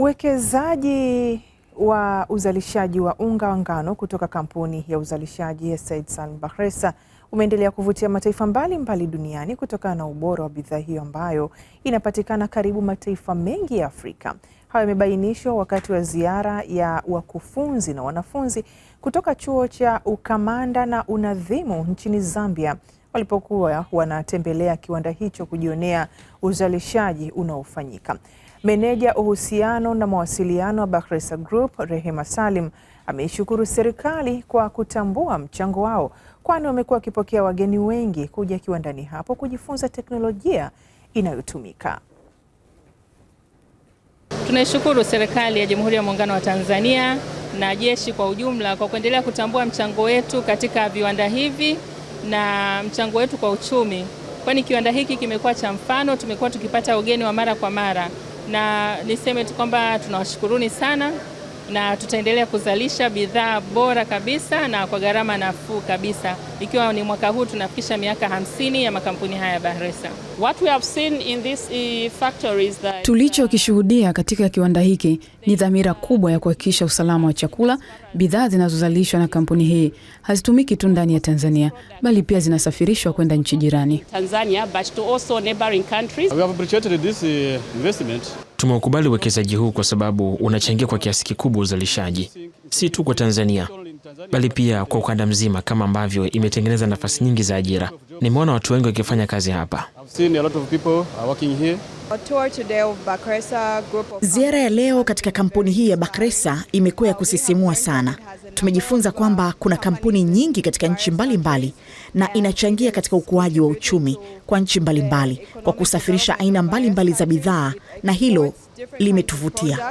Uwekezaji wa uzalishaji wa unga wa ngano kutoka kampuni ya uzalishaji ya Said Salim Bakhresa umeendelea kuvutia mataifa mbalimbali mbali duniani kutokana na ubora wa bidhaa hiyo ambayo inapatikana karibu mataifa mengi ya Afrika. Hayo yamebainishwa wakati wa ziara ya wakufunzi na wanafunzi kutoka chuo cha ukamanda na unadhimu nchini Zambia walipokuwa wanatembelea kiwanda hicho kujionea uzalishaji unaofanyika. Meneja uhusiano na mawasiliano wa Bakhresa Group Rehema Salim ameishukuru serikali kwa kutambua mchango wao, kwani wamekuwa wakipokea wageni wengi kuja kiwandani hapo kujifunza teknolojia inayotumika. Tunaishukuru serikali ya Jamhuri ya Muungano wa Tanzania na jeshi kwa ujumla kwa kuendelea kutambua mchango wetu katika viwanda hivi na mchango wetu kwa uchumi, kwani kiwanda hiki kimekuwa cha mfano. Tumekuwa tukipata ugeni wa mara kwa mara na niseme tu kwamba tunawashukuruni sana na tutaendelea kuzalisha bidhaa bora kabisa na kwa gharama nafuu kabisa ikiwa ni mwaka huu tunafikisha miaka hamsini ya makampuni haya ya Bahresa. What we have seen in this eh, factory is that... tulichokishuhudia katika kiwanda hiki ni dhamira kubwa ya kuhakikisha usalama wa chakula. Bidhaa zinazozalishwa na kampuni hii hazitumiki tu ndani ya Tanzania bali pia zinasafirishwa kwenda nchi jirani. Eh, Tumeukubali uwekezaji huu kwa sababu unachangia kwa kiasi kikubwa uzalishaji si tu kwa Tanzania bali pia kwa ukanda mzima, kama ambavyo imetengeneza nafasi nyingi za ajira. Nimeona watu wengi wakifanya kazi hapa. Uh, Ziara ya leo katika kampuni hii ya Bakresa imekuwa ya kusisimua sana. Tumejifunza kwamba kuna kampuni nyingi katika nchi mbalimbali mbali, na inachangia katika ukuaji wa uchumi kwa nchi mbalimbali mbali, kwa kusafirisha aina mbalimbali mbali za bidhaa na hilo limetuvutia.